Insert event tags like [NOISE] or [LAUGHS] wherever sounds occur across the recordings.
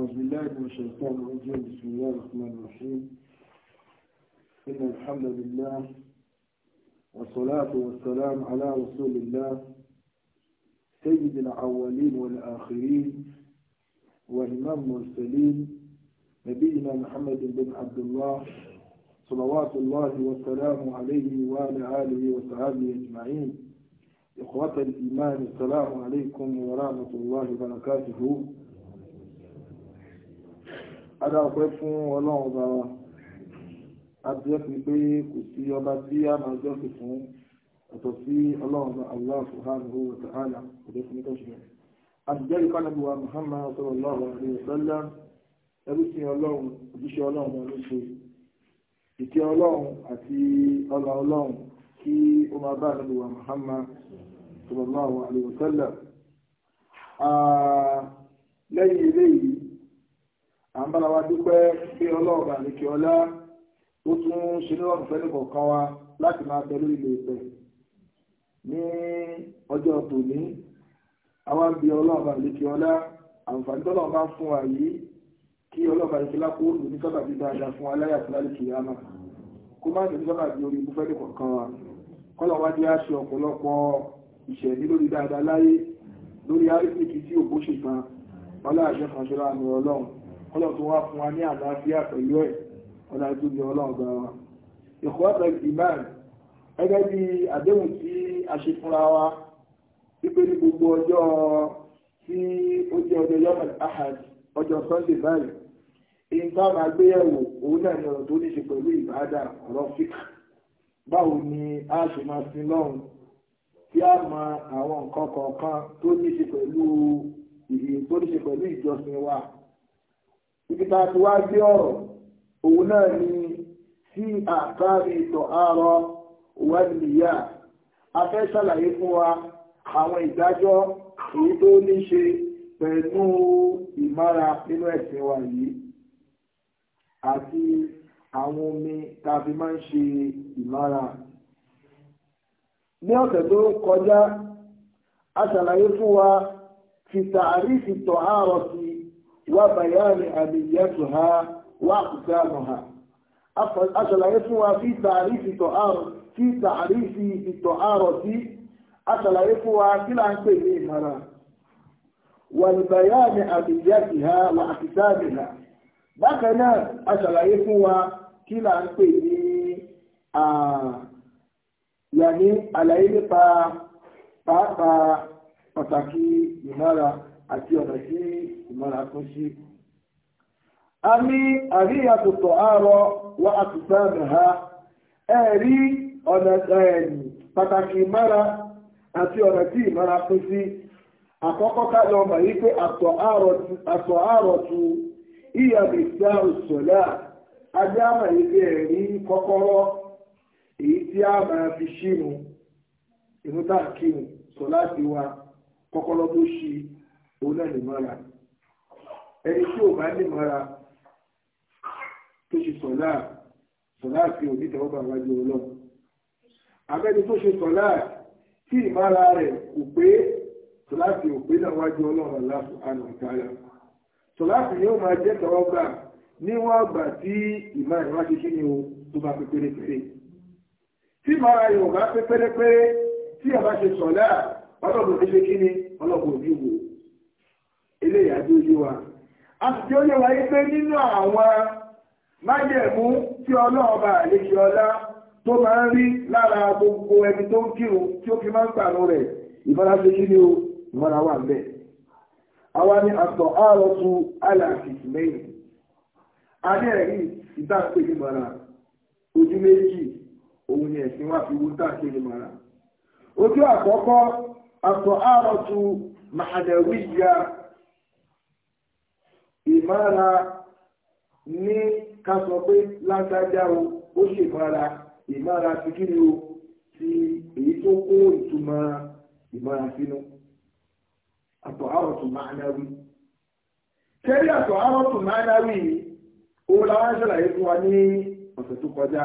أعوذ بالله من الشيطان الرجيم بسم الله الرحمن الرحيم إن الحمد لله والصلاة والسلام على رسول الله سيد الأولين والآخرين وإمام المرسلين نبينا محمد بن عبد الله صلوات الله والسلام عليه وعلى آله وصحبه أجمعين إخوة الإيمان السلام عليكم ورحمة الله وبركاته adáwọ̀pẹ́ fún ọlọ́run ọba wa adúlọ́sí pé kò sí ọba tí a máa jọ́sí fún ọ̀tọ̀ sí ọlọ́run ọba Allah subhanahu wa ta'ala kò dé fún nítọ́sí rẹ̀ àtijọ́rí kánàbù wa Muhammad sallallahu alaihi wa sallam ẹrú sí ọlọ́run òjíṣẹ́ ọlọ́run ọba ló ṣe ìkẹ́ ọlọ́run àti ọlá ọlọ́run kí ó máa bá àdàbù wa Muhammad sallallahu alaihi wa sallam lẹ́yìn à ń bára wa dúpẹ́ pé ọlọ́ọ̀bà àlekè ọlá ó tún ṣe níwọ̀n fẹ́ nìkọ̀ọ̀kan wa láti máa bẹ lórí ilé ìpẹ́ ní ọjọ́ tòní àwa ń bi ọlọ́ọ̀bà àlekè ọlá àǹfààní tọ́lọ̀ bá fún wa yìí kí ọlọ́ọ̀bà àlekè ọlá kó lù ní sábà bí dáadáa fún wa láyà fún lálẹ́kì yàmà kó má lù ní sábà bí orí ibú fẹ́ nìkọ̀ọ̀kan wa kọ́lọ̀ wá dé àṣẹ ọ̀pọ̀lọpọ̀ ìṣẹ̀lẹ̀ dáadáa láyé lórí àrífìkì tí òkú ṣe ọlọ́run tó wá fún wa ní àlàáfíà pẹ̀lú ẹ̀ ọlájú ni ọlọ́run bá wa ìkọ́ọ̀tà ìmáàlì gẹ́gẹ́ bí àdéhùn tí a ṣe fúnra wa wípé ní gbogbo ọjọ́ tí ó jẹ́ ọjọ́ yọmọ̀lì ahad ọjọ́ sunday báyìí èyí tá a máa gbé yẹ̀wò òun náà ni ọ̀rọ̀ tó ní ṣe pẹ̀lú ìbáadà ọ̀rọ̀ fíkà báwo ni a ṣe máa sin lọ́run tí a mọ àwọn nǹkan kọ̀ọ̀kan tó ní ṣe pẹ̀lú ìjọsìn wa ibi tá a ọ̀rọ̀ òun náà ni sí àkáàrí ìtọ̀ àárọ̀ wẹ́lìyà a fẹ́ fún wa àwọn ìdájọ́ èyí tó ní ṣe pẹ̀lú ìmára nínú ẹ̀sìn wa yìí àti àwọn omi tá a fi máa ń ṣe ìmára ní ọ̀sẹ̀ tó kọjá a ṣàlàyé fún wa fi tààrí àárọ̀ sí i وبيان أبيتها وأقسامها أشل يسوى في تعريف تعارض في تعريف التعارض أشل يسوى كلا شيء مرة والبيان أبيتها وأقسامها بكنا أشل يسوى كلا شيء يعني على يبقى pàápàá pàtàkì ìmára àti ọ̀nà tí ìmọ̀ra kún sí. a ní àrí àtòtò àárọ̀ wá àtúntà mẹ́ha ẹ̀rí ọ̀nà pàtàkì ìmọ̀ra àti ọ̀nà tí ìmọ̀ra kún sí. àkọ́kọ́ ká lọ mọ̀ yí pé àtọ̀ àárọ̀ tu ìyàbí dá òṣòlá ajá mọ̀ yí pé ẹ̀rí kọ́kọ́rọ́ èyí tí a máa fi ṣírun ìmúta kírun sọ láti wa kọ́kọ́rọ́ tó ṣí òun náà lè mọ́ra ẹni tí ò bá lè mọ́ra tó ṣe sọ̀lá sọ̀lá fi òní tẹ̀wọ́ bá wájú ọlọ́run abẹ́ni tó ṣe sọ̀lá tí ìmára rẹ̀ kò pé sọ̀lá fi òpé náà wájú ọlọ́run aláṣọ àná ìtara sọ̀lá fi yóò máa jẹ́ tẹ̀wọ́ gbà níwọ̀n àgbà tí ìmára wá ṣe kí ni o tó bá pé pérépéré tí ìmára yóò bá pé tí àbá ṣe sọ̀lá ọlọ́run ti ṣe kí ni ọlọ́run ò eléyà tó yé wa a sì tí ó yé wa yí pé nínú àwọn májẹ̀mú tí ọlọ́ọ̀bà àlejò ọlá tó máa ń rí lára gbogbo ẹni tó ń kírun tí ó fi máa ń gbànú rẹ̀ ìfarasókí ni ó ìmọ̀ra wà ń bẹ̀. àwa ni àtọ̀ tu aláàfíìsì mẹ́yìn a ní ẹ̀rí ìtàkùn mara ojú méjì òun ni ẹ̀sìn fi wúta sí ojú àkọ́kọ́ àtọ̀ màdàwíyà ìmára ní ká sọ pé lágbájá o ó ìmára ti kí ni o ti èyí tó kó ìtumọ̀ ìmára sínú àtọ̀ àròtù mánáwí. kẹ́rí àtọ̀ àròtù mánáwí òun làwọn ṣàlàyé fún wa ní ọ̀sẹ̀ tó kọjá.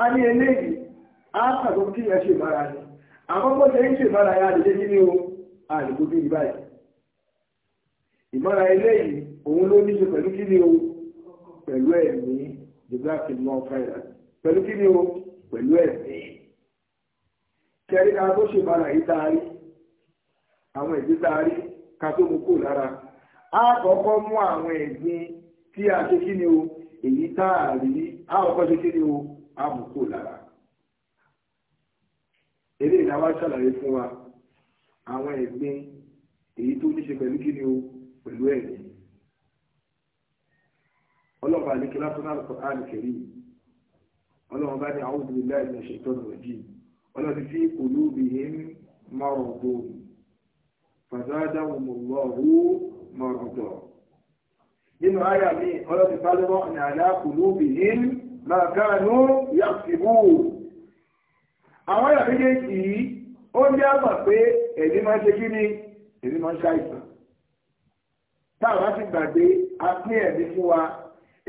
a ní eléyìí a kàtó kí ẹ ni àkọ́kọ́ ṣe lè dé báyìí. ìmọ́ra eléyìí òun ló níṣe pẹ̀lú kí ni o pẹ̀lú ẹ̀mí geography non finance pẹ̀lú kí ni o pẹ̀lú ẹ̀mí kẹrí ká tó ṣe ìbára yìí taari àwọn ìdí taari ká tó mú kó lára á kọ́kọ́ mú àwọn ẹ̀gbin tí a ṣe kí ni o èyí taari á kọ́kọ́ ṣe kí ni o á mú kó lára eléyìí la ṣàlàyé fún wa àwọn ẹ̀gbin èyí tó níṣe pẹ̀lú kí ni o pẹ̀lú ẹ̀yẹ ọlọ́pàá àlekè lásán al-Qur'an al-Karim ọlọ́run bá ní a'udhu billahi minash shaitani rajim ọlọ́run fi qulubihim maradun fazadahumullahu maradan nínú àyà mi ọlọ́run bá lọ́wọ́ ní ala qulubihim ma kanu yaksibun àwọn àyà méjèèjì yìí ó ní àgbà pé ẹ̀mí máa ń ṣe kí ni ẹ̀mí máa ń ṣàìsàn táwọn ti gbàgbé apín ẹ̀mí fún wa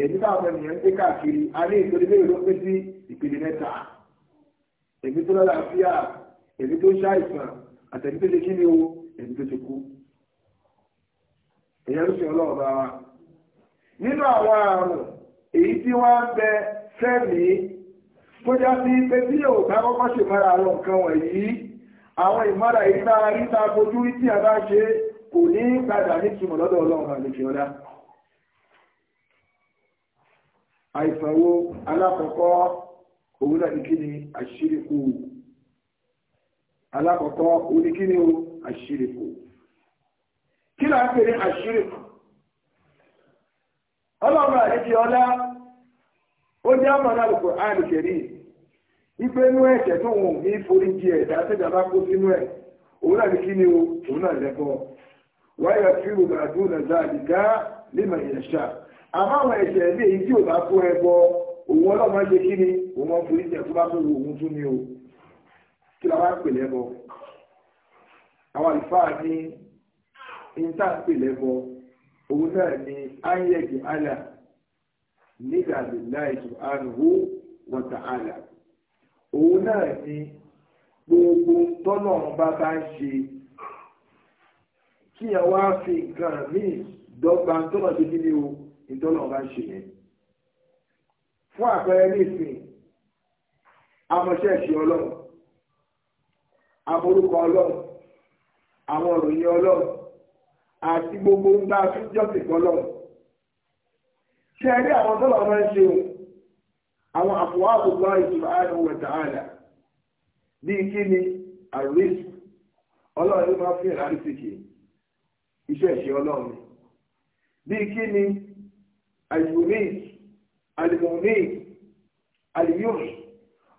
èmi táwọn ènìyàn ń gbé káàkiri alẹ́ ìtòlé lè ló pé sí ìpele mẹ́ta èmi tó lálàáfíà èmi tó ṣàìsàn àtẹ̀mí tó ṣe kí ni o èmi tó ṣe kú èyàn ló ṣe ọlọ́run bá wa nínú àwọn àrùn èyí tí wọ́n ń bẹ sẹ́mi tó já sí pé tí yóò bá kọ́kọ́ ṣèmára àwọn nǹkan wọ̀nyí àwọn ìmára yìí tá a rí tá a fojú rí tí a bá ṣe é kò ní padà ní túmọ̀ lọ́dọ̀ ọlọ́run àlejò ọlá alakọkọ alákọ̀ọ́kọ́ òun náà kí ni alákọ̀ọ́kọ́ ni o àṣírí kí là pè ní àṣírí ọlọ́run ọlá ó jẹ́ àmọ́lá lùkọ̀ ipe inú ẹ̀jẹ̀ tó di ẹ̀dá kó sínú ẹ̀ òun kí o òun wáyé fíìmù gbàdúrà záàdìgá lèmọ̀ ìyẹ̀ṣà àmọ́ àwọn ẹ̀ṣẹ̀ ilé yìí tí ò bá kó ẹbọ òun ọlọ́mọ ṣe kí ni òun máa ń forí jẹ tó bá tó wo òun tún ni o kí la wá ń pè lẹ́bọ àwọn àlùfáà ní níta ń pè lẹ́bọ òun náà ni ayẹyẹ àlà nígbà lillahi subhanahu wa ta'ala òun náà ni gbogbo tọ́lọ́run bá bá ń ṣe kí ẹ wá fi nǹkan míì dọ́gba tọ́lọ̀ ti kí ni o ìtọ́lọ̀ ọba ń ṣe yẹn. fún àpẹẹrẹ nísìn amọ̀ṣẹ́ ìṣe ọlọ́run amorúkọ ọlọ́run àwọn òròyìn ọlọ́run àti gbogbo ń bá tún jọ́sìn ọlọ́run. ṣé ẹ rí àwọn tọ́lọ̀ ọba ń ṣe o àwọn àfọwọ́ àbùkù àìsùn àìsùn wẹ̀ tààlà bíi kí ni àrísù ọlọ́run ló máa fi hàn àrísìkì iṣẹ́ ìṣe ọlọ́run bíi kí ni àyùmí àlùmọ́mí àlùyùmí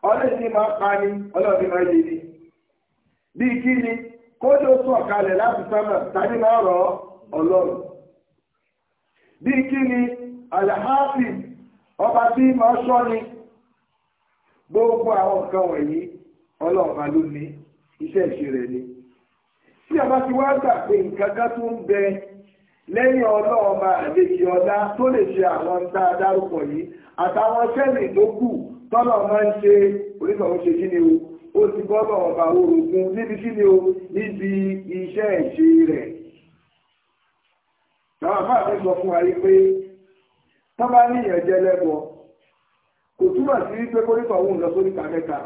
ọlọ́run ní máa pa ni ọlọ́run ní máa yé ni bíi kí ni kódó sọ̀ kalẹ̀ láti sámà tàbí máa rọ̀ ọlọ́run bíi kí ni alhafi ọba tí máa ṣọ́ ni gbogbo àwọn nǹkan wọ̀nyí ọlọ́run ló ní iṣẹ́ ìṣe rẹ̀ ni tí a bá ti wá gbà pé nǹkan kan tó ń bẹ lẹ́yìn ọlọ́ọ̀mà àlejò ọlá tó lè ṣe àwọn tá a dárúkọ yìí àtàwọn sẹ́ẹ̀lì tó kù tọ́lọ̀ máa ń ṣe oníṣòwò ṣe kí ni o ó ti bọ́lọ̀ ọba orogún níbi kí ni o níbi iṣẹ́ ìṣe rẹ̀. Àwọn àbá mi sọ fún wa yìí pé tọ́ bá ní ìyànjẹ lẹ́bọ kò túmọ̀ sí pé kórìkọ̀ òun lọ sóríta mẹ́ta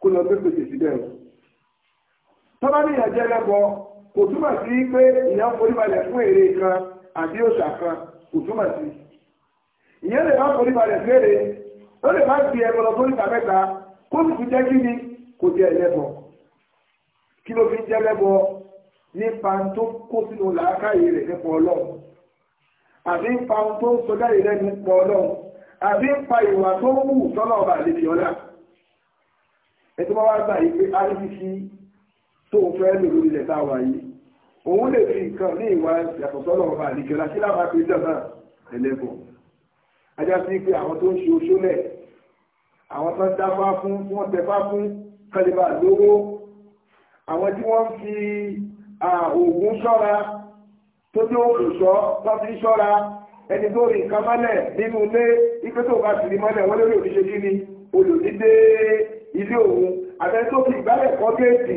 kó lọ gbé pèsè síbẹ̀ o tọ́bá ní ìyànjẹ́ lẹ́bọ kò túmọ̀ sí pé ìyàn foríbalẹ̀ fún èrè kan àbí òṣà kan kò túmọ̀ sí ìyẹn lè má foríbalẹ̀ fèrè ó lè má fi ẹ̀rọ lọ foríta mẹ́ta kó sì fi jẹ́ kí ni kò jẹ́ lẹ́bọ kí ló fi jẹ́ lẹ́bọ nípa tó kó sínú làákàyè rẹ̀ nípa ọlọ́run àbí ń pa ohun tó ń sọ jáde lẹ́nu pọ̀ ọlọ́run àbí ń pa ìwà tó ń wù sọ́nà ọba àlejò ọlá ẹ̀tọ́ bá wá gbà yìí pé rpc tó fẹ́ lò lórí ilẹ̀ táwa yìí òun lè fi nǹkan ní ìwà yàtọ̀ sọ́dọ̀ ọba àdìgẹ́ la sí láwọn àti ìjọba ẹlẹ́gùn ajá sí pé àwọn tó ń ṣe oṣólẹ̀ àwọn tó ń dáfá fún tí wọ́n tẹfá fún kálíbà lówó àwọn tí wọ́n fi oògùn ṣọ́ra tó ní òṣùṣọ́ tó fi ṣọ́ra ẹni tó rí nǹkan mọ́lẹ̀ nínú ilé ipe tó bá sì rí mọ́lẹ̀ wọ́n lórí òṣìṣẹ́ kí ni olùdídé ilé òun àtẹ́ni tó fi ìgbálẹ̀ kọ́ géètì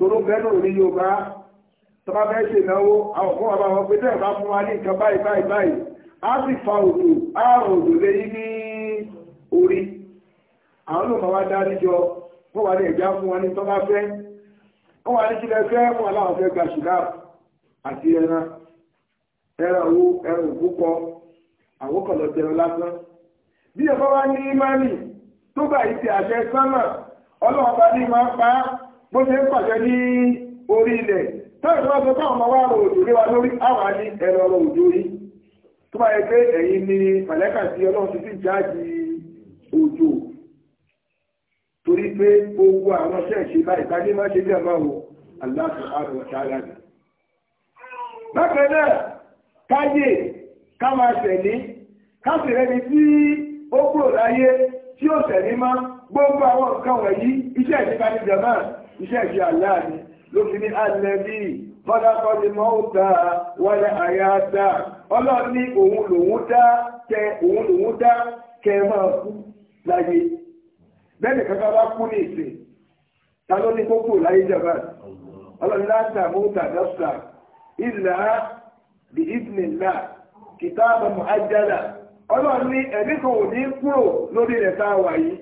toro bẹ́nu ní yorùbá tọ́ba bẹ́ẹ̀ ṣe náwó àwọn fún bàbá wọn pé tẹ́ẹ̀ bá fún wa ní nǹkan báyìí báyìí báyìí á sì fa òdò a òdò lé yín ní orí àwọn ló máa wá dárí jọ wọ́n wà ní ẹ̀já fún wa ní tọ́ba fẹ́ wọ́n wà ní kílẹ̀ fẹ́ wọ́n wà láwọn fẹ́ gba ṣùgá àti ẹran ẹran owó ẹran òkúkọ àwòkọ̀lọ̀ tẹ̀rọ lásán bí ẹ̀fọ́ wa ní imáni tó bá ìtì àṣẹ sánmà ọlọ́run mo ṣe ń pàṣẹ ní orí ilẹ̀ tẹ́lẹ̀ tó ọmọ rò òjò lé lórí àwọn àní ẹ̀rọ ọ̀rọ̀ òjò tó bá yẹ pé ni sí ọlọ́run ti fi jáde òjò torí pé gbogbo àwọn ṣẹ́ ṣe báyìí tàbí má ṣe bí ọmọ wo aláàfin àrùn bákan náà káyè ká máa tẹ̀lé ká sì rẹni tí ó kúrò láyé tí ó tẹ̀lé má gbogbo àwọn nǹkan wọ̀nyí iṣẹ́ iṣẹ́ ìṣe àlá ni ló fi ní alẹ́ bíi fọ́dákọ́ ni mọ́ ó ta wọlé àyà dá ọlọ́run ní òun lòun dá kẹ òun lòun dá kẹ máa kú láyé bẹ́ẹ̀ni kankan bá kú ní ìsìn ta ló ní kókó láyé jẹba ọlọ́run láta mú tàdọ́sà ìlà bí ìdìnnìlá kìtàbà mọ́ ájálà ọlọ́run ní ẹ̀mí kan ò ní kúrò lórí rẹ̀ tá a wà yìí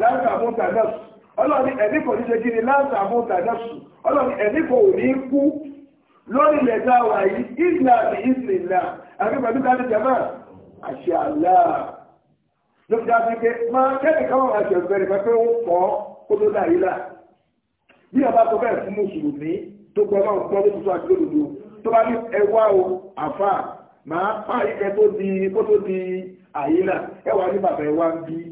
láta mú tàdọ́sà ọlọ́ni ẹ̀mí kò ní ṣe kí ni láti àbúrò tàdásù ọlọ́ni ẹ̀mí kò ní kú lórí ilẹ̀ dáwà yìí ìlà ní ìsìnlá àgbẹ̀pẹ̀lú káàdì jama àṣà àlá ló fi dáa pé máa kẹ́kẹ̀ẹ́ káwọn àṣẹ ìbẹ̀rẹ̀ pẹ́pẹ́ ó kọ́ ó ló dà yílà bí ọba tó bẹ̀rẹ̀ fún mùsùlùmí tó gbọ́ náà gbọ́ lóṣù àti lódodo tó bá ní ẹwà o àfà máa pààyè kẹ́ tó di kó tó di àyílà ẹwà ní bàbá ẹwà ń bíi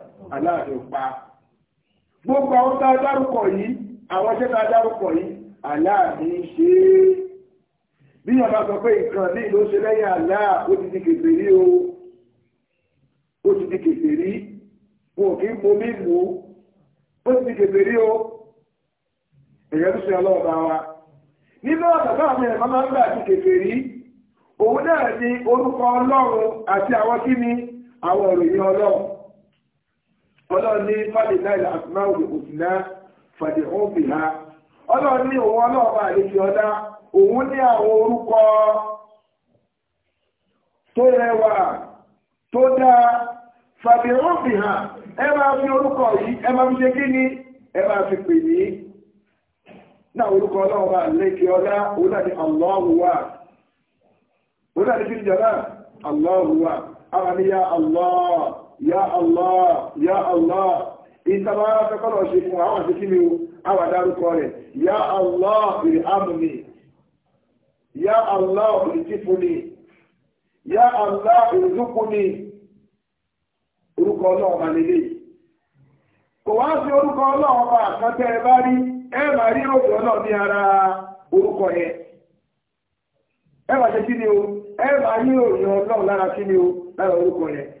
aláàrẹ pa gbogbo àwọn tá a dárúkọ yìí àwọn iṣẹ́ tá a dárúkọ yìí aláàrẹ ń ṣe é bí yàrá sọ pé nǹkan ní ìlú ṣe lẹ́yìn àlá ó ti di kèfèrí o ó ti di kèfèrí wọn kì í bomi lù ú ó ti di kèfèrí o èyàn ń ṣe ọlọ́ọ̀bá wa nínú ọ̀nà bá àwọn ẹ̀fọ́ máa ń gbà ti kèfèrí òun náà ni orúkọ ọlọ́run àti àwọn kíni àwọn ìròyìn ọlọ́run ọlọ́run fàdínà ìlà àtúná òsìnà ha ọlọ́run ní òun ọlọ́ọ̀bà àlejò ọ̀dá òun ní àwọn orúkọ tó rẹwà tó dáa fàdí òfin ha ẹ máa fi orúkọ yìí ẹ máa fi ṣe kí ni ẹ máa fi pè ní orúkọ ọlọ́ọ̀bà àlejò ọ̀dá òun náà àwọn àníyá ya Allah ya Allah ìtàbá akẹ́kọ̀ọ́ ṣe fún àwọn àti kí ni o rẹ̀ ya Allah ìrì àmùmí ya Allah ìrì ya Allah ìrì dúkúni orúkọ ọlọ́run máa lélẹ̀ kò wá sí orúkọ ọlọ́run bá àkàntẹ́ ẹ bá rí ẹ máa rí òkè ọlọ́run ní ara orúkọ yẹn ẹ máa ṣe kí ni o ẹ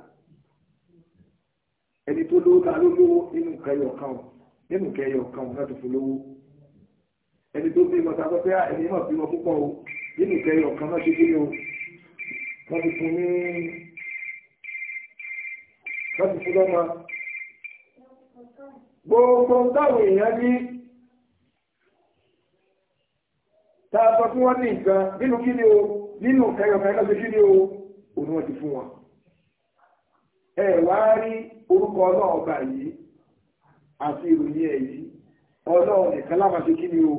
ẹni tó lówó ta ló lówó nínú kẹyọ kan nínú kẹyọ kan náà tó fi lówó ẹni tó bí ìmọ̀ sábẹ́ pé ah, ẹni náà bímọ púpọ̀ o nínú kẹyọ kan náà ti bímọ wọ́n ti fún ní wọ́n ti fún lọ́mọ gbogbo táwọn èèyàn ní tààtọ̀ tí wọ́n ní nǹkan nínú kí ni o nínú kẹyọ kan náà ti kí o òun wọ́n ti fún wọn. ẹ wá rí orúkọ ọlọ́ọ̀ba yìí àti ìròyìn ẹ̀ yìí ọlọ́ọ̀ nìkan lábàṣe kí ni o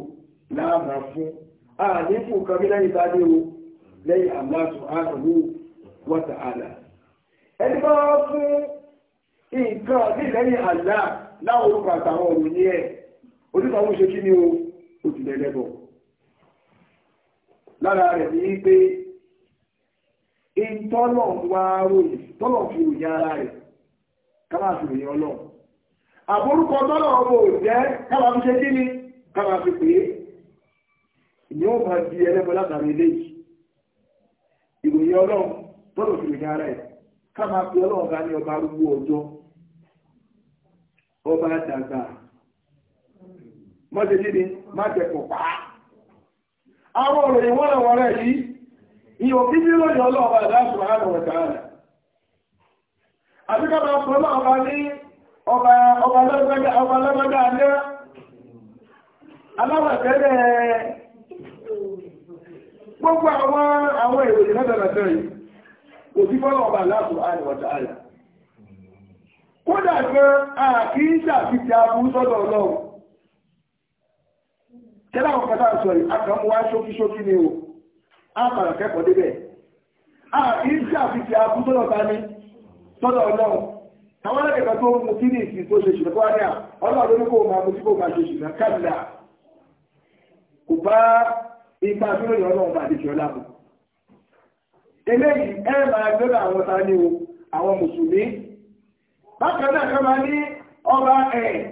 láàmà fún a kan bí lẹ́yìn bá dé o lẹ́yìn Allah subhanahu wa ta'ala ẹni bá wá fún nǹkan bí lẹ́yìn Allah láwọn orúkọ àtàwọn ẹ̀ ṣe kí ni o lára rẹ̀ ní pé ìtọ́lọ̀ wá ròyìn tọ́lọ̀ fi òyìn ara rẹ̀ kára òyìn ọlọ́ àbórúkọ tọ́lọ̀ ọmọ òjẹ́ kára ṣe kíni kára fi pé ni ó bá di ẹlẹ́gbẹ́ látàrí eléyìí ìròyìn ọlọ́run tọ́lọ̀ fi òyìn ara rẹ̀ kára ní ọba arúgbó ọjọ́ ọba dàgbà mọ́tẹ́lẹ́ni má jẹ́ pọ̀ pa àwọn òròyìn wọ́n lọ́wọ́ rẹ̀ yìí ìyò bíbí lónìí ọlọ́ọ̀bá ìdáṣù ààrẹ wẹ̀tàrà àti kọ́bà pọ̀lọ́ ọba ní ọba lọ́gbọ́dá alẹ́ aláwọ̀tẹ́lẹ̀ gbogbo àwọn àwọn ìròyìn mẹ́tẹ̀lẹ̀tẹ̀ yìí kò sí fọ́lọ́ ọba ìdáṣù ààrẹ wẹ̀tàrà kódà gan àkí ìṣàfihàn aburú sọ́dọ̀ ọlọ́run kẹ́lá àwọn kẹta sọ̀rọ̀ akàmúwá ṣókíṣókí ni o àpàrà kẹ́kọ̀ọ́ débẹ̀. a kìí àfihàn abú tọ́lọ̀ ta ní tọ́lọ̀ ọlọ́run àwọn ẹlẹ́kẹ̀ẹ́ tó mú kí ní ìsìn tó ṣe ṣùgbọ́n wá ní à ọlọ́run ló ní kó máa mú sí kó máa ṣe ṣùgbọ́n kò bá ipa dúró ní ọlọ́run bá eléyìí ẹ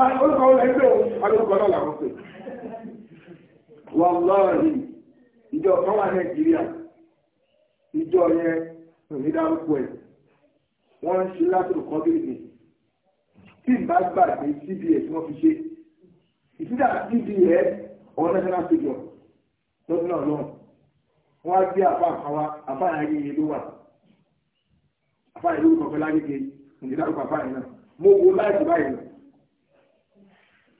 Ah, orúkọ ìjọ kan wà nàìjíríà ìjọ yẹn onídàrúkọ ẹ wọ́n ń ṣe látòrò kan bèèrè tí ìbá gbàgbé cbs wọ́n fi ṣe ìsídà cbs ọ̀rọ̀ national stadium lọ́dún náà lọ́wọ́ wọ́n á gbé àfa àkàwá àfa àyè ló wà àfa àyè lórúkọ fẹ́ lágbègbè ìdílárúkọ àfa náà mo wo báyìí náà.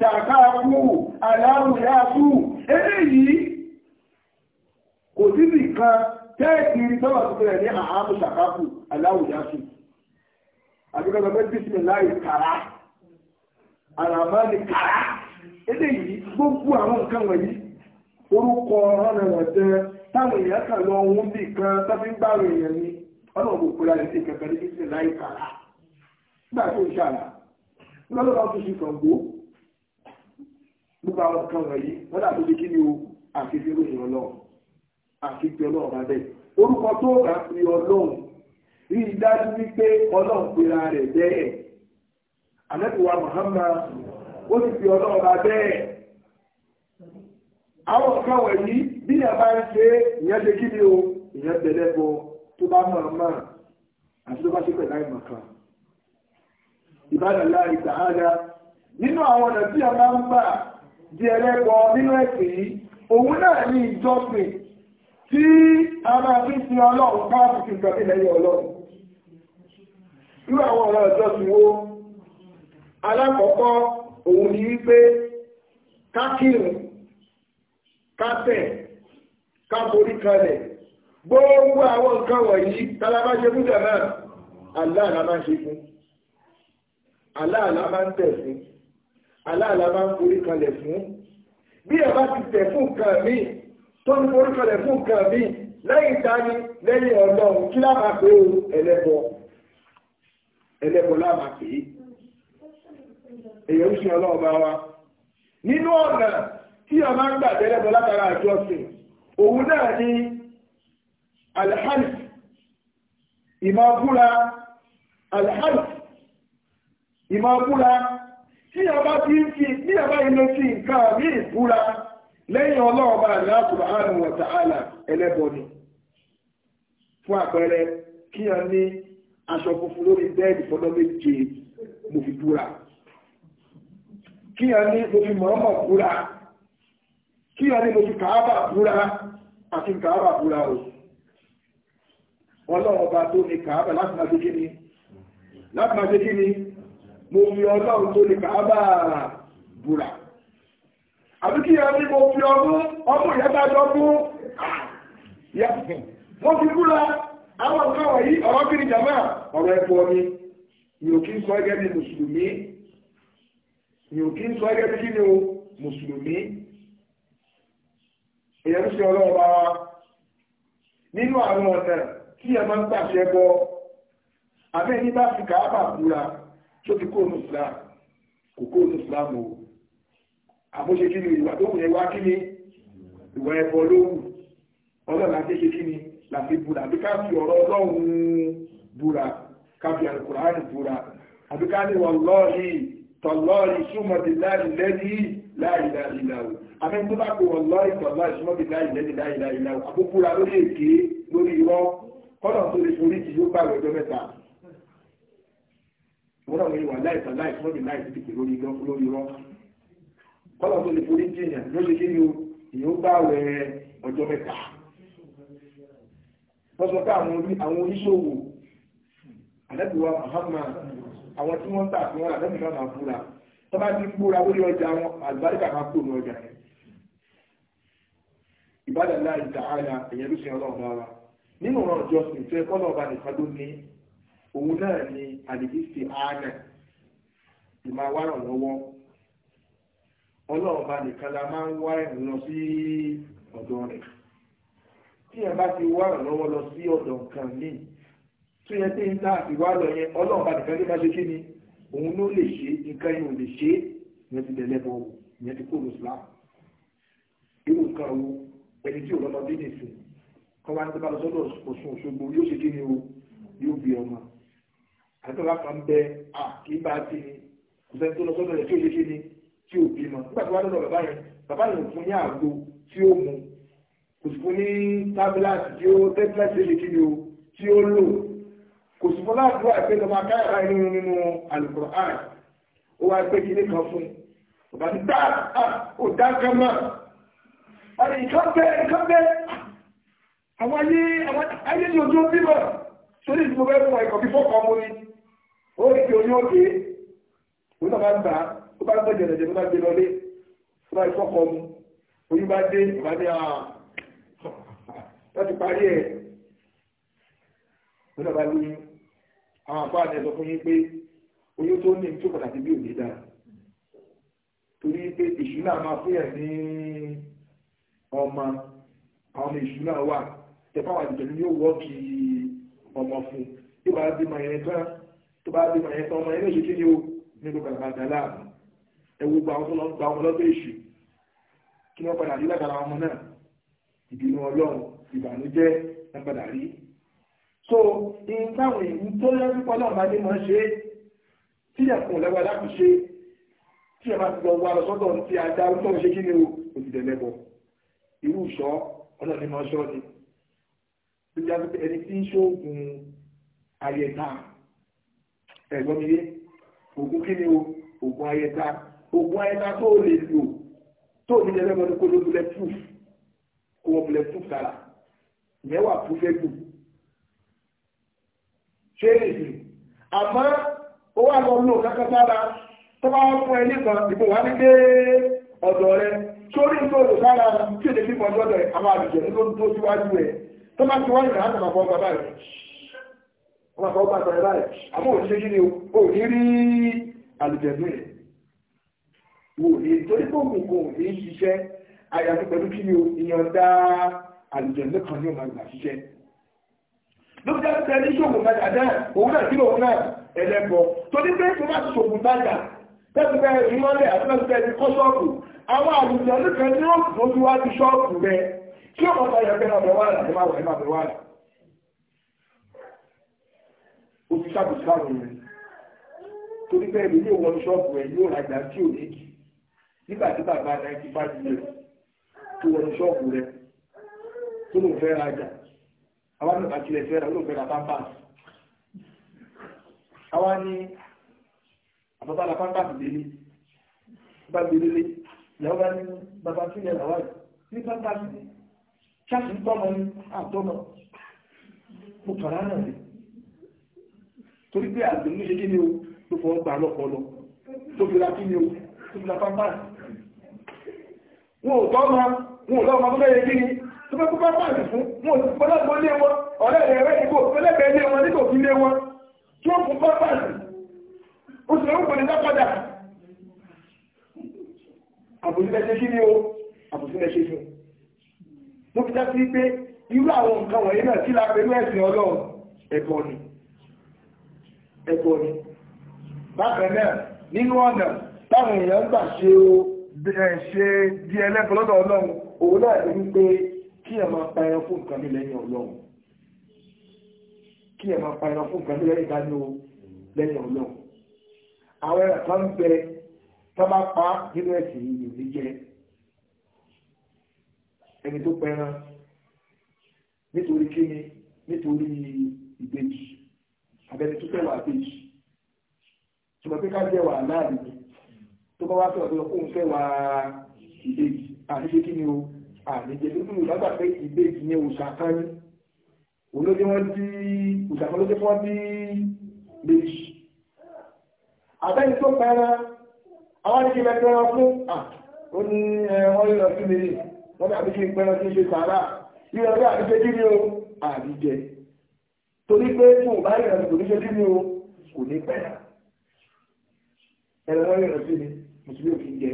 ṣàkáàmù aláàmù yáàtù eléyìí kò sí kan tẹ́ẹ̀kiri tọ́wà tó bẹ̀rẹ̀ ní àhámù ṣàkáàmù aláàmù yáàtù àbíkọ́sọ láì kàrá àràmá ni kàrá eléyìí gbogbo àwọn nǹkan wọ̀nyí orúkọ ránàrànjẹ táwọn èèyàn kan ní bísí Kara. nípa àwọn kan wọ̀nyí wọ́n dàbí bí kí ni o àfi fi ròyìn ọlọ́run àfi fi ọlọ́run bá bẹ́ẹ̀ orúkọ tó rà fi ọlọ́run rí i dájú wípé ọlọ́run pera rẹ̀ bẹ́ẹ̀ àmẹ́kùwà Muhammad ó sì fi ọlọ́run bá bẹ́ẹ̀ àwọn kan wọ̀nyí bí ẹ̀ bá ń ṣe ìyẹn ṣe kí ni o ìyẹn tẹ̀lé bọ tó bá mọ̀ ọ́n mọ̀ àti tó bá ṣe pẹ̀lú àìmọ̀ kan ìbádàlá ìtàhálà nínú àwọn ọ̀nà tí a máa ń gbà di ẹlẹ́bọ nínú ẹ̀sìn yìí òun náà ní ìjọsìn tí a máa fi sin ọlọ́run káàkiri fi nǹkan sí lẹ́yìn ọlọ́run irú àwọn ọ̀rọ̀ ìjọsìn wo alákọ̀ọ́kọ́ òun ni wípé kákìrùn kátẹ̀ káborí kalẹ̀ gbogbo àwọn nǹkan wọ̀nyí tálábá ṣe fún jẹ̀ náà aláàlá máa ń ṣe fún aláàlá máa ń tẹ̀ fún aláàlá máa ń forí kalẹ̀ fún bí ẹ bá ti tẹ̀ fún nǹkan mi tó ń forí kalẹ̀ fún nǹkan mi lẹ́yìn dání lẹ́yìn ọlọ́run kí láà máa pé o ẹlẹ́bọ ẹlẹ́bọ láà máa pè é èyàn ń ṣe ọlọ́run bá wa nínú ọ̀nà tí a máa ń gbà tẹ́lẹ́bọ látara àjọsìn òun náà ni alhali ìmọ̀ búra alhali ìmọ̀ búra tí a bá ti ń fi bí a bá inú sí nǹkan àmì ìbúra lẹ́yìn ọlọ́run bá ní subhanahu wa ta'ala ẹlẹ́bọ ni fún àpẹẹrẹ kí a ní aṣọ funfun lórí bẹ́ẹ̀dì fọdọ́ méje mo fi búra kí a ní mo fi mọ̀ọ́mọ̀ búra kí a ní mo fi kàábà búra àti kàábà búra o ọlọ́run bá tó ní kàábà láti máa ṣe kí ni láti máa ṣe kí ni mo fi ọlọ́run tó lè káábà búra àbí kí ẹ ní mo fi ọdún ọmọ ìyá bá jọ fún yá mo fi búra àwọn nǹkan wọ̀nyí ọ̀rọ̀ kiri jàmá ọ̀rọ̀ ẹ̀fọ́ ni mi ò kí ń sọ gẹ́gẹ́ bí mùsùlùmí mi ò kí ń sọ gẹ́gẹ́ bí kí ni o mùsùlùmí èyàn ṣe ọlọ́run bá wa nínú àwọn ọ̀nà tí ẹ máa ń pàṣẹ bọ abẹ́ ní bá fi kàábà búra tó ti kóònù islam kò kóònù islam o àmúṣe kí ni ìwà tó wùnyẹ wá kí ni ìwà ẹ̀bọ lóhùn ọlọ́run àti ṣe kí ni làfi búra àbí ká fi ọ̀rọ̀ ọlọ́run búra ká fi àlùkùránì búra àbí ká ní wallahi tallahi summa billahi alladhi la ilaha illa hu àmì tó bá pè wallahi tallahi summa billahi alladhi la ilaha illa hu àbúkúra lórí èké lórí irọ́ kọ́nà tó lè forí ti yóò bá ìwẹ̀jọ́ mẹ́ta wọ́n àwọn ìwà láìsà láìsà lórí láìsà tètè lórí rọ́ kọ́lá tó lè forí jìyàn ló lè kéde o èyàn bá wẹ ọjọ́ mẹ́ta wọ́n sọ pé àwọn oníṣòwò àdẹ́bùwà Muhammad àwọn tí wọ́n ń tà fún wọn àdẹ́bùwà máa fúra tó bá ti gbóra lórí ọjà wọn àlùbáríkà máa kúrò ní ọjà yẹn ìbádàlá ìtàhálà èyàn ló ṣe ọlọ́run bá wa nínú ọ̀rọ̀ ìjọsìn ìfẹ́ kọ́lá ọba nìkan ló ní òun náà ni àdìgísì àánà ìmọ̀ awárọ̀ lọ́wọ́ ọlọ́run bá nìkan la máa ń wá ẹ̀rùn lọ sí ọ̀dọ̀ rẹ̀ tí ẹ bá ti wá ẹ̀rùn lọ́wọ́ lọ sí ọ̀dọ̀ nǹkan míì tó yẹ pé níta àti wá lọ yẹn ọlọ́run bá nìkan ló bá ṣe kí ni òun ló lè ṣe nǹkan yìí ò lè ṣe ìyẹn ti lẹ̀lẹ́ bọ̀ ìyẹn ti kó lọ sílá irú nǹkan wo ẹni tí òun lọ́mọdé nìsín kọ́ wá ní tó bá lọ sọ́dọ̀ Ọ̀ṣun Òṣogbo yóò ṣe kí ni o yóò bí ọmọ àtọ́lá kan bẹ à kì í bá ti ní ọ̀sẹ̀ tó lọ sọ́dọ̀ rẹ̀ tí o lè ṣe ni tí ò bímọ nígbà tó wá lọ́dọ̀ bàbá yẹn bàbá yẹn fún ní àgbo tí ó mu kò sì fún ní tábìlàtì tí ó tẹ́tíláṣì lè kí ni o tí ó lò kò sì fún láàbù àgbẹ̀ lọ́mọ akáyàrá nínú nínú Al-Qur'an ó wá pé kíní kan fún bàbá ní dá ó dá kan mọ́ àti nǹkan bẹ́ẹ̀ nǹkan bẹ́ẹ̀ àwọn ayé àwọn ayé ni ojú ó bímọ sórí ìdìbò bẹ́ẹ̀ fún ẹ̀kọ́ bí fọ́kàn mú ni ó rí kí oyún òkè òun náà máa ń gbà ó bá ń gbọ́ jẹ̀lẹ̀jẹ̀ ló bá gbé lọlé ó bá ìfọ́kọ̀ mu oyún bá dé ìbá ní àá ah, [LAUGHS] wọ́n parí ẹ̀ òun náà bá lóyún àwọn àbá àti ẹ̀sọ́ fún yín pé oyún tó ní tó pàtàkì bí òní dáa torí pé ìṣúná máa fún yẹn ní ọmọ àwọn ọmọ ìṣúná wà tẹ̀fọ́ àwọn àjẹjọ́ ni yóò wọ́ kí ọmọ fún yóò bá bí mọ̀ yẹn tán tó bá bí màá yẹn tán ọmọ yẹn lóye kí ni o nínú bàbá àdàlà ẹwù gba ọmọ lọ gba ọmọ lọ́dọ̀ èṣù kí wọ́n padà rí lágbára ọmọ náà ìbínú ọlọ́run ìbànújẹ́ wọ́n rí. so ìtàwọn èyí tó lẹ́rú pọ́lọ́ ọ̀bá ní mọ̀ ṣe tí ẹ̀kún lẹ́wọ́ láti ṣe tí ẹ̀ máa ti lọ wá lọ sọ́dọ̀ tí a dá ọtọ́ ṣe kí ni o kò ti dẹ̀ lẹ́bọ̀ ìṣọ́ ọlọ́run ní mọ̀ ṣọ́ ni. ẹni tí ń ṣoògùn ayẹta ẹ̀gbọ́n mi yé ògùn kí ni o ògùn ayẹta ògùn ayẹta tó o lè lò tó o ní lẹ́lẹ́ mọ́ ní kó ló bulẹ̀ proof kó o bulẹ̀ proof sára ìyẹn wà proof ẹ̀dù ṣé èyí àmọ́ ó wà lọ lò kankan sára tó bá wọ́n fún ẹ nìkan ìbò wá ní dé ọ̀dọ̀ rẹ sórí tó o lò sára tí o lè fi mọ́ ọjọ́ rẹ àwọn àlùjẹ̀ ló ń tó síwájú rẹ tó bá ti wáyé rẹ á nà máa fọ́ bàbá rẹ wọ́n àkọ́ bá àtàrà báyìí àmọ́ òní ṣe kí ni o ní rí àlùjẹ̀dún yẹn wò ní torí pé òun kò ní ṣiṣẹ́ àyàfi pẹ̀lú kí ni o ìyọ̀ǹda àlùjẹ̀dún kan ní òun àgbà ṣiṣẹ́ ló dá tẹ ní ṣòwò bàjá dá òun náà kí lòun náà ẹlẹ́bọ torí pé tó bá ti ṣòwò bàjá tẹ́sí bẹ́ẹ̀ ìmọ́lẹ̀ àti tẹ́sí bẹ́ẹ̀ ti kọ́ ṣọ́ọ̀bù àwọn àlùjẹ̀dún kan ní ó lójú wá ti ṣọ́ọ̀bù rẹ kí ọ̀pọ̀ ṣàbùkárù rẹ̀ torí pé ẹni yóò wọnú ṣọ́ọ̀bù rẹ̀ yóò rajà tí ò ní kì nígbà tí bàbá ninety five years tó wọnú ṣọ́ọ̀bù rẹ̀ tó lóun fẹ́ rajà àwọn àgbà tilẹ̀ fẹ́ ra lóun fẹ́ ra pampers àwa ni àbábá la pampers délé bá gbélélé ìyàwó bá ní bàbá tí yẹn làwáyé ní pampers ní ṣáàtì ń tọ́mọ ní àtọ́mọ mo kàrá náà rí torí pé àdùnnú ṣe kí ni o ló fọ́ gbà lọ́pọ̀lọ́ tó fi ra kí ni o tó fi ra pampers wọn ò tọ́ ma wọn ò lọ́wọ́ ma tó bẹ́ẹ̀ kí ni tó fẹ́ kó pampers fún wọn ò fọlọ́gbọ́n lé wọn ọ̀rẹ́ rẹ̀ rẹ̀ kò fẹ́lẹ́gbẹ̀ẹ́ lé wọn nígbà òfin lé wọn tí wọ́n fún pampers ó sì lọ́wọ́ pẹ̀lú lápàdà àbòsílẹ̀ ṣe kí ni o àbòsílẹ̀ ṣe fún mo fi dá sí pé irú àwọn nǹkan wọ̀nyí náà sí la pẹ̀lú ẹ̀sìn ọlọ́run ẹ̀kọ́ ni epo ni bákan náà nínú ọ̀nà táwọn èèyàn gbà ṣe ṣe di ẹlẹ́kọ̀ọ́ lọ́dọ̀ ọlọ́run òun náà ní wípé kí ẹ̀ máa pa ẹran fún nǹkan mi lẹ́yìn ọlọ́run kí ẹ̀ máa pa ẹran fún nǹkan mi lẹ́yìn ìdájọ́ lẹ́yìn ọlọ́run àwọn ẹ̀rọ kan ń bẹ tó bá pa nínú ẹ̀sìn yìí ní jẹ ẹni tó pẹran nítorí kíni nítorí ìbejì àbẹ̀tẹ̀ tó tẹ̀wà péjì ṣùgbọ́n pé ká jẹ́wà láàrin tó bá wá fẹ́ ọ̀dọ́ kóun fẹ́wà ìbejì àníṣe kí ni o àníṣe tó kúrò lágbà pé ìbejì ni òòṣà kan ní olóde wọn bí òòṣà kan lóde fún bí méjì àbẹ́ni tó pẹ́ra àwọn àníṣe mẹ́tẹ́ra fún à ó ní ẹ̀wọ́n yóò lọ sí mi wọ́n ní àbíṣe ìpẹ́ran tí ń ṣe sàárà yóò torí pé tó bá ìrìn kò ní ṣe nínú kò ní pẹ́ ẹ̀rọ lọ́rọ̀ ìrìn sí ni mùsùlùmí ò kì jẹ.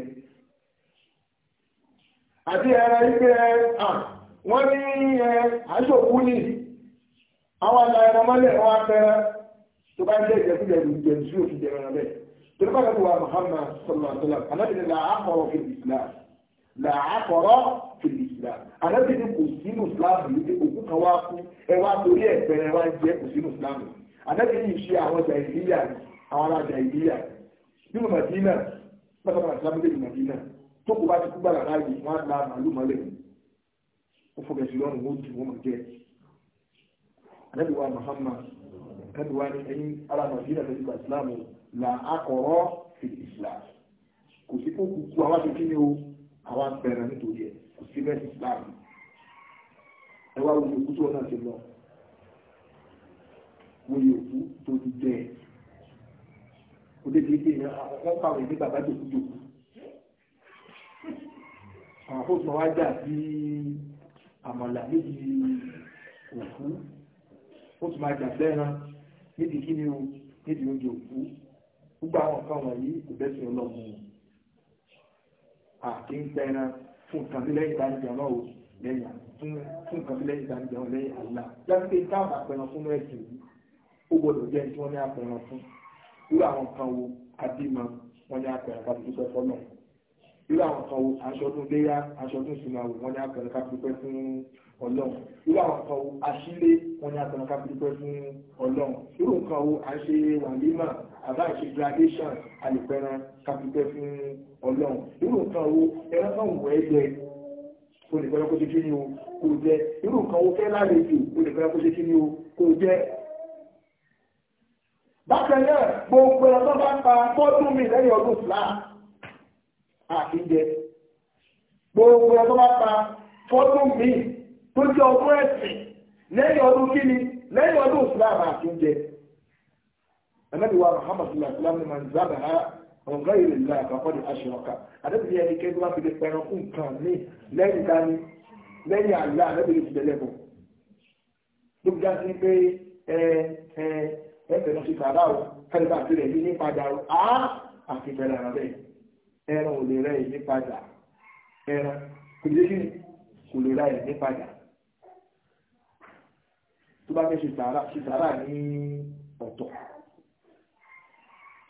àti ẹ̀rọ ìpè wọ́n ní ni àwọn àgbà ẹ̀rọ mọ́lẹ̀ wọn apẹ̀rẹ̀ tó bá ń jẹ́ ìjẹkújẹ ìjẹ ìṣú fi jẹ ẹ̀rọ bẹ́ẹ̀. torí bá kẹ́kọ̀ọ́ wa Muhammad sallallahu alaihi wa là á kọ̀rọ̀ fèrè ìsìlá àlẹ́bí ni kò sínú ìsìlámù yìí òkú kan wá kú ẹ wá torí ẹ̀pẹ̀rẹ̀ wá jẹ́ kò sínú ìsìlámù àlẹ́bí ni ìṣe àwọn ọjà ìbílẹ̀ àwọn alájà ìbílẹ̀ nínú màdínà pátápátá ìsìlámù lè màdínà tó kó bá ti kú gbàgbà láàyè wọn á la màálù mọ́lẹ̀ ó fọkẹ̀ sí lọ́rùn ó dùn wọn jẹ́ àlẹ́bí wa Muhammad kan wa ni ẹ̀yin ará màdínà lè gba ìsìlámù là á kọ̀rọ̀ fèrè ìsìlámù kò sí kó kú kú àwọn aṣojú ni o àwa bẹ̀rẹ̀ nítorí ẹ̀ kò sí bẹ́ẹ̀ sí Islam ẹ wá wòye òkú tó náà ti lọ wòye òkú tó ti jẹ ẹ̀ kò débi pé wọ́n pàwọn ìdí bàbá jòkú jòkú àwọn àfọ́sùn wa dà bí àmàlà níbi òkú ó tún máa jà sẹ́ran níbi kí ni o níbi oúnjẹ òkú gbogbo àwọn nǹkan wọ̀nyí kò bẹ́sẹ̀ ọlọ́mọ wọn àti ń tẹ́ra fún kàbílẹ̀ ìdánijọ́ náà o lẹ́yìn fún kàbílẹ̀ ìdánijọ́ lẹ́yìn àlá jáde táwọn àpẹran fún ẹ̀sìn yìí ó gbọdọ̀ jẹ́ tí wọ́n ní àpẹran fún irú àwọn kan wo abímọ wọ́n ní àpẹran ká dúpẹ́ fọ́nà irú àwọn kan wo aṣọ́dún léyà aṣọ́dún sùnmọ́ wọ́n ní àpẹran ká dúpẹ́ fún ọlọ́run irú àwọn kan wo aṣílé wọn ni àtọ̀nà kápẹ́tẹ́ fún ọlọ́run irú nǹkan wo à ń ṣe wàlímà àbá ìṣe graduation àlùpẹ̀rẹ̀ kápẹ́tẹ́ fún ọlọ́run irú nǹkan wo ẹran kan wọ̀ ẹ́ jẹ kò lè fẹ́ràn kó ṣe kí ni o kò jẹ irú nǹkan wo fẹ́ lálejò kò lè fẹ́ràn kó ṣe kí ni o kò jẹ. bákan náà gbogbo ẹ̀rọ tó bá pa fọ́dún mi lẹ́yìn ọdún fúlá àti jẹ gbogbo ẹ̀rọ tó bá pa fọ́dún mi tó jẹ́ ọdún ẹ̀sìn lẹ́yìn ọdún kíni lẹ́yìn ọdún islam àti oúnjẹ anabi wa muhammad sallam ni man zabaha ọ̀gá ìrìn ìlà àkọ́kọ́dé aṣọ́ọ̀ka adébìyí ẹni kẹ́ni wá fi lè pẹran fún nǹkan ní lẹ́yìn dání lẹ́yìn àlá adébìyí ti tẹ̀lé bọ̀ tó bí dájú pé ẹ ẹ ẹ fẹ̀rẹ̀ sí bàbá o fẹ́rẹ̀ bá tilẹ̀ yí ní padà o á àti fẹ́rẹ̀ ara bẹ́ẹ̀ ẹran ò lè rẹ̀ yí ní padà ẹran kò lè yí kò lè rà yí ní padà tó bá fẹ́ ṣe sàárà ṣe sàárà ní ọ̀tọ̀.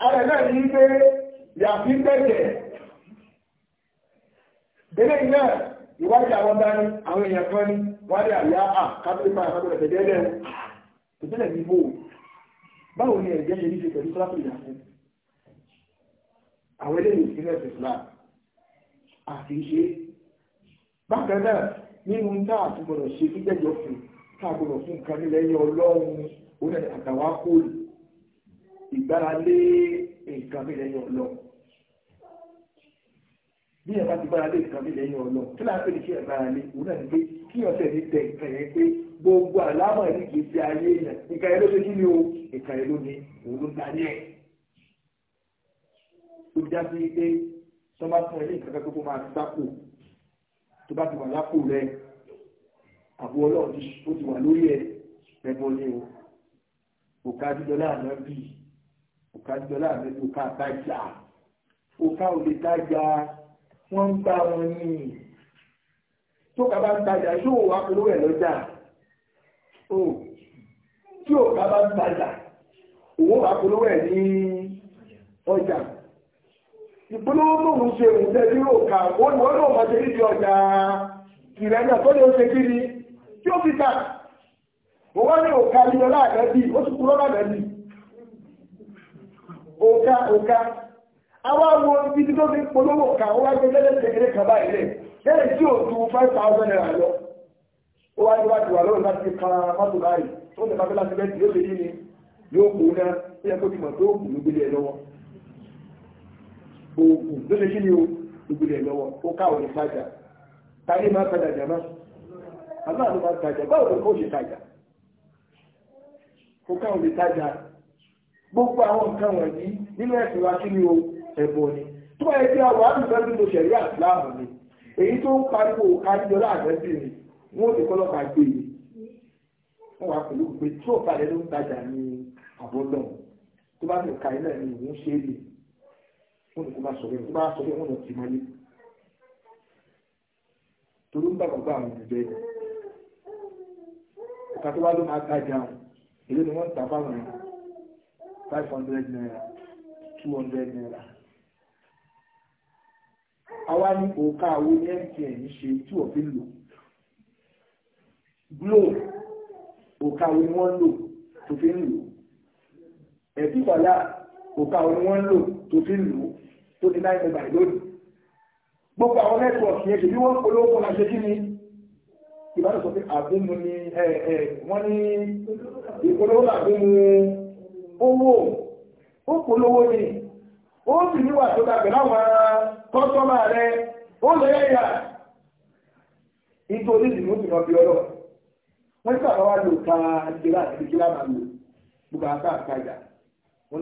Ààrẹ náà ní pé yàfi tẹ̀tẹ̀. Eléyìí náà ìwádìí àwọn dání àwọn èèyàn kan ní wọ́n rí àyà à kábílì pa àkàtọ̀ ẹ̀fẹ̀ dẹ́dẹ́ o. Ìbílẹ̀ ní bò Báwo ni ẹ̀jẹ̀ ṣe ní ṣe pẹ̀lú sọ́lápù ìyàfẹ́? Àwọn eléyìí ìpínlẹ̀ Ìsìlá àti ṣe. Bákan náà nínú táà tó gbọdọ̀ ṣe fíjẹ́jọ́ fún un káàbọ̀rọ̀ fún nǹkan nílẹ̀ yẹn ọlọ́run òun náà àtàwọn akóòlù ìgbára lé nǹkan nílẹ̀ yẹn ọlọ́run bí ẹ bá ti gbára lé nǹkan nílẹ̀ yẹn ọlọ́run kí láti pèlè kí ẹ gbára lé òun náà ní pé kí ọ̀sẹ̀ ní tẹ nǹkan yẹn pé gbogbo àlámọ̀ ní kì í ṣe ayé yẹn nǹkan yẹn ló ṣe kí ni o nǹkan yẹn ló ní òun ló ń darí ẹ̀ tó já sí pé tọ́ bá fún ẹ ní nǹkan kan tó máa sápò tó bá ti wà lápò rẹ̀ àbò ọlọ́run tó ti wà lórí ẹ̀ pẹ̀mọ́lé o òkà dídọ́lá àná bì òkà dídọ́lá àná bì òkà àtàjà òkà òlè tájà wọ́n ń bá wọn yìn tó ká bá ń tajà yóò wá polówó ẹ̀ lọ́jà o tí òkà bá ń tajà òwò wá polówó ẹ̀ ní ọjà ìpolówó mòún ṣe òun tẹ́lẹ̀ ní òkà ó ní wọ́n náà máa ṣe nídìí ọjà ìrẹ́nà tó lè ṣe kí ni. tí ó fi gbà mo wá ní òka ní ọlá àgbẹ̀bí ó ti kúrọ́ àgbẹ̀bí òka òka àwọn àwọn ibi tó fi polówó ka ó wá gbé lẹ́lẹ́ kékeré kan báyìí lẹ̀ tí five thousand naira lọ ó wá níwájú wà láti báyìí tó láti bẹ́ẹ̀ tí ó lè yí ni yóò kú ti mọ̀ tó kù gbélé aláà gbogbo àwọn nǹkan wọ̀nyí nínú ẹ̀sìn wa kí ni o ẹ̀bọ̀ ni tó bá yẹ a wà á dùn lọ́dún tó àtìláàmù ni èyí tó ń pariwo kájọlá àgbẹ̀sì ni wọ́n ò ní kọ́lọ́pàá gbé e wọ́n wá pẹ̀lú pé tí òkà rẹ̀ ló ń tajà ní àbọ̀lọ̀ tó bá ti ka ilẹ̀ ni òun ṣe é lè wọ́n ní kó bá sọ̀rọ̀ tó bá sọ̀rọ̀ wọ́n lọ tì mọ́lé torí ń bá ọ̀ka tó bá ló máa tajà wọn èlé ni wọ́n ta fáwọn ẹ̀ five hundred naira two hundred naira. àwa ní òǹkà àwọn ní mtn ṣe tí wọ́n fi lò glo òǹkà àwọn ni wọ́n lò tó fi ń lò ẹ̀bí kọ̀lá òǹkà àwọn ni wọ́n lò tó fi ń lò tó ní nine mobile lónìí gbogbo àwọn network yẹn ṣe bí wọ́n polówó kan la kí ni. ìbára sọ pé àdínú ni wọ́n ní ìpolówó àdínú owó ó polówó ni ó sì níwà tó dàgbẹ̀ láwọn kọ́sọ́mà rẹ ó lọ́yẹ̀ yà nítorí ìdìbò ká àti máa lò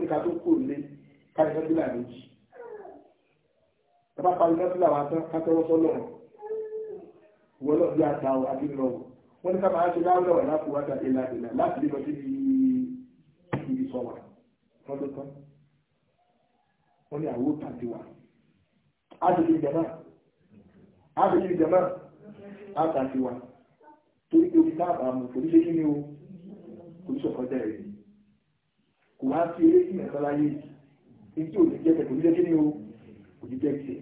gbogbo ní ká tó lé wọ́n lọ bí ata ọ àti lọ́wọ́ wọ́n ní ká máa ṣe láwùjọ wà láti wájà ìlà ìlà láti lè lọ sí ibi sọ̀wà lọ́dún tán wọ́n ní àwọn òtàdé wa àdìrí ìjàmá àdìrí ìjàmá àtàdé wa torí pé omi táàbà mú torí ṣé kí ni o kò ní sọ̀kọ́jà rẹ̀ kò wá sí eré sí ẹ̀sán láyé èyí tí ò ní jẹ́ tẹ̀ ní jẹ́ kí ni o kò ní jẹ́ tiẹ̀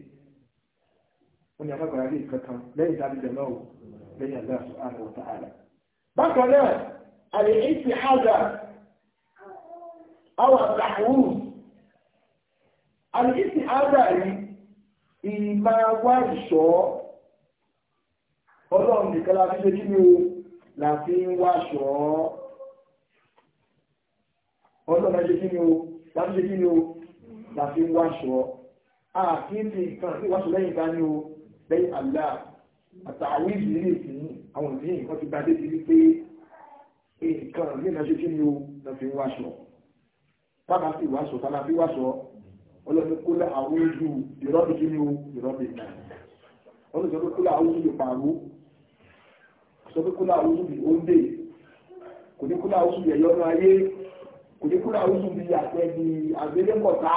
wọ́n ni alágbára lè kankan lẹ́yìn dábìlẹ̀ náà lẹ́yìn Allah subhanahu wa ta'ala. bákan náà àlè èsì hàdà àwọn àtàkùn àlè èsì hàdà yìí ìmọ̀ wá ìṣọ́ ọlọ́run nìkan la fi ṣe kí ni o la fi ń wá ṣọ́ ọlọ́run la ṣe kí o la ṣe kí o la ń wá àti ní nǹkan ìwáṣọ lẹ́yìn dání lẹ́yìn àlá àtàwọn ìlú ilé ìsìn àwọn ìdíyìn wọ́n ti gbadé ti rí pé nǹkan ní ìlànà ṣe kí ni o lọ fi wáṣọ tábà fi wáṣọ tábà fi wáṣọ ọlọ́dún kólé àwọn ojú ìrọ́bì kí ni o ìrọ́bì náà ọlọ́dún sọ pé kólé àwọn ojú ìpàrọ̀ sọ pé kólé àwọn ojú ìhóndè kò ní kólé àwọn ojú ìyẹ̀yọ́nú ayé kò ní kólé àwọn ojú ìyàtẹ̀ ní àgbélẹ̀mọ̀ta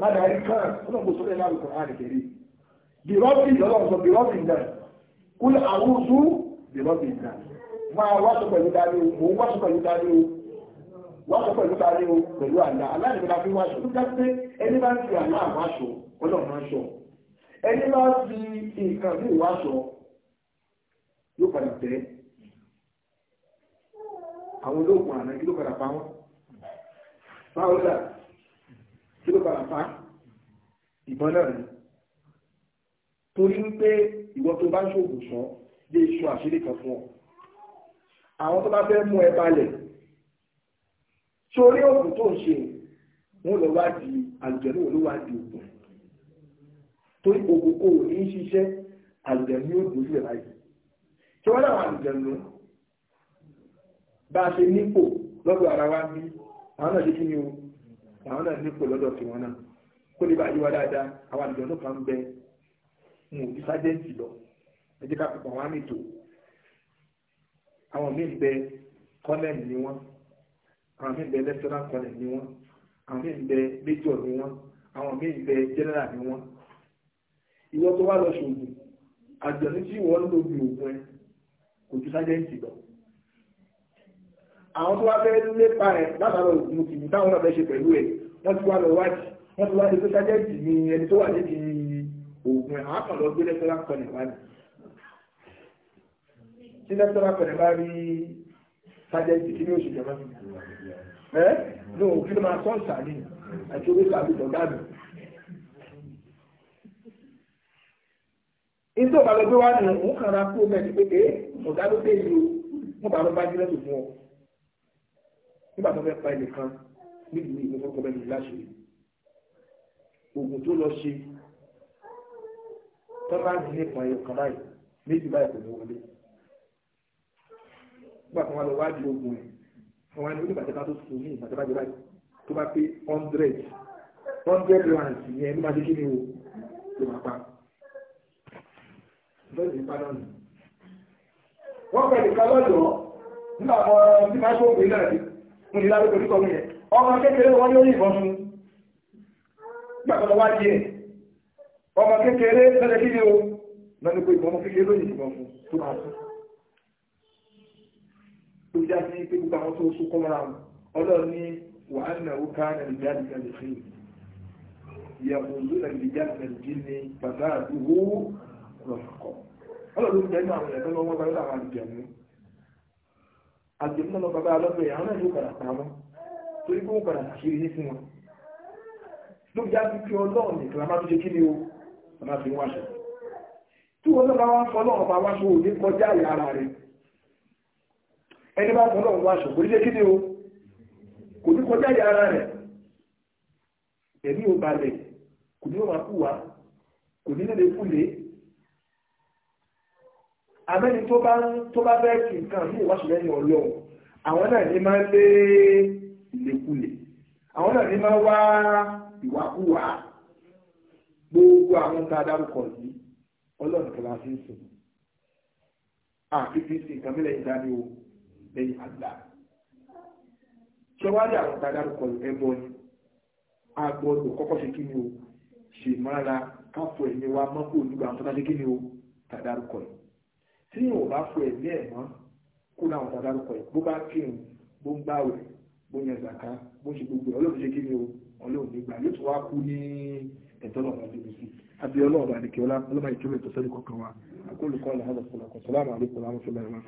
ládàá rí kàn ọlọ́dún sọ pé láàrú kan á rẹ̀ kẹ́rì bìrọ́bì lọ́wọ́ sọ bìrọ́bì náà kúlẹ̀ àwùjọ bìrọ́bì náà máa wá sọ pẹ̀lú dáadé o mò ń wá sọ pẹ̀lú dáadé o wá sọ pẹ̀lú dáadé o pẹ̀lú àlá aláìníkàlá fi wáṣọ tó dájú pé ẹni bá ń fi àlá àwáṣọ ọlọ́run aṣọ ẹni bá fi nǹkan bí ìwáṣọ yóò padà tẹ́ àwọn olóògùn àná kí ló padà pa wọn báwo dà kí ló padà pa ìbọn náà ni torí wípé ìwọ tó bá ń ṣògùn sàn lè sun àṣírí kan fún ọ àwọn tó bá fẹ́ mú ẹ balẹ̀ sórí òògùn tó ń ṣe wọn lọ wá di àlùjẹ̀nú wọn ló wá di òògùn torí òògùn kò ní í ṣiṣẹ́ àlùjẹ̀nú yóò dojú ẹ̀ láyé tí wọ́n láwọn àlùjẹ̀nú bá a ṣe nípò lọ́dọ̀ ara wa bí àwọn náà ṣe kí ni o àwọn náà nípò lọ́dọ̀ tiwọn náà kó lè bá yí wa dáadáa àwọn àlùjẹ̀nú kan ń n ò ju sájẹ́ǹtì lọ ẹ jẹ́ ká pọ̀ wọ́n á mi tò àwọn míì bẹ kọ́nẹ̀lì ni wọ́n àwọn míì bẹ lẹ́tọ́nà kọ́nẹ̀lì ni wọ́n àwọn míì bẹ méjọ̀ ni wọ́n àwọn míì bẹ jẹ́nẹ́rà ni wọ́n ìwọ tó wá lọ ṣògùn àjọ̀ní tí ìwọ ń lòbi ògùn ẹ kò ju sájẹ́ǹtì lọ àwọn tó wá fẹ́ lépa ẹ̀ látara ògùn kìí táwọn náà fẹ́ ṣe pẹ̀lú ẹ̀ wọ́n ti wá lọ wájú wọ́n ti wá lè tó sájẹ́ǹtì ni ẹni tó wà nídìí oògùn ẹ̀ àwọn kan lọ gbé lẹ́tọ́lá kan nípa ni tí lẹ́tọ́lá kan nípa rí sájẹ́ǹtì kí ní oṣù jọba ẹ́ ní òkú ló máa sọ́ọ̀sì àlè àti owó sàbí tọ̀gá mi. Ìtò ìbàlọ́gbé wa nù ń kàrà kú omi ẹ̀sìn pé kéé ọ̀gá ló dé ìlú wọn bá lọ bá jílẹ̀ tó fún ọ. Nígbà tó fẹ́ pa ẹnìkan níbi ìgbésọ̀kọ̀ bẹ́ẹ̀ tó bá ń lè pọn ẹ̀yọ̀ kan báyìí méjì báyìí kò ní wọlé nígbà tí wọ́n lọ wá di ogun ẹ̀ wọ́n ní onígbàtẹ́ká tó sùn ní ìgbàtẹ́ká jẹ báyìí tó bá pé hundred hundred rand yẹn ló máa ṣe kí ni o ló máa pa lọ́sìn ìpàdán ni wọ́n pẹ̀lú ká lọ́dọ̀ nígbà wọn ní máa ṣóògùn náà ni mo ní lábẹ́ pẹ̀lú kọ́mù yẹn ọmọ kékeré wọn ní ó yìnbọn fún nígbà tó lọ wá di ẹ̀ ọmọ kékeré lọ́jọ́ kí ni o lọ́nà pé ìbọn kékeré lónìí ìbọn fún tó máa fún tó já sí pé gbogbo àwọn tó sún kọ́ mọ́ra wọn ọlọ́run ní wàá nà ó ká nàìjíríà nìkan lè fi ìyàwó ló nàìjíríà nàìjíríà ní bàbá àdúgbò rọ̀kọ̀ ọlọ́run ló ń jẹ́ àwọn ẹ̀tọ́ lọ́wọ́ bá láwọn àjẹmú àjẹmú lọ bàbá alọ́gbẹ̀ àwọn náà ló padà pa wọn torí pé wọ́n padà kiri ní fún wọn ló já sí pé ọlọ́run nìkan ọ̀nà fi wáṣọ tí wọ́n náà bá wá ń fọ́ lọ́wọ́ bá wáṣọ òní kọjá ìyá ara rẹ̀ ẹni bá fọ́ lọ́wọ́ wáṣọ kò kíni o kò ní kọjá ìyá ara rẹ̀ ẹ̀mí ò balẹ̀ kò ní kò ní lè kúlé abẹ́ni tó bá tó bá bẹ́ẹ̀ nǹkan ní ìwáṣọ lẹ́yìn ọlọ́run àwọn náà ní máa ń lé àwọn náà ní gbogbo àwọn tá a dárúkọ yìí ọlọ́run kìlá sí ń sìn àti fi sí nǹkan mílẹ̀ ìdáni o lẹ́yìn àgbà ṣọwádìí àwọn tá a dárúkọ yìí ẹbọ ni a gbọ́dọ̀ kọ́kọ́ ṣe kí ni o ṣe mára káfọ ẹ̀mí wa mọ́kò nígbà tó dájú kí ni o tá a dárúkọ yìí tí yìí ò bá fọ ẹ̀mí ẹ̀ mọ́ kó láwọn tá a dárúkọ yìí bó bá kírun bó ń gbàwẹ̀ bó yan zàká bó ṣe gbogbo ọlọ́run ṣe kí ni o ọlọ́run nígbà yóò tún wá kú ní ẹ̀tọ́nà wa débi sí abiyọ́lọ́ ọba àdìkẹ́ ọlá ọlọ́mọ ìjọba ètò sẹ́ni kọ̀ọ̀kan wa akólùkọ́ ọ̀là hàdà sọ̀lá kọ̀ sọ̀lá àmàlẹ́kọ̀ọ́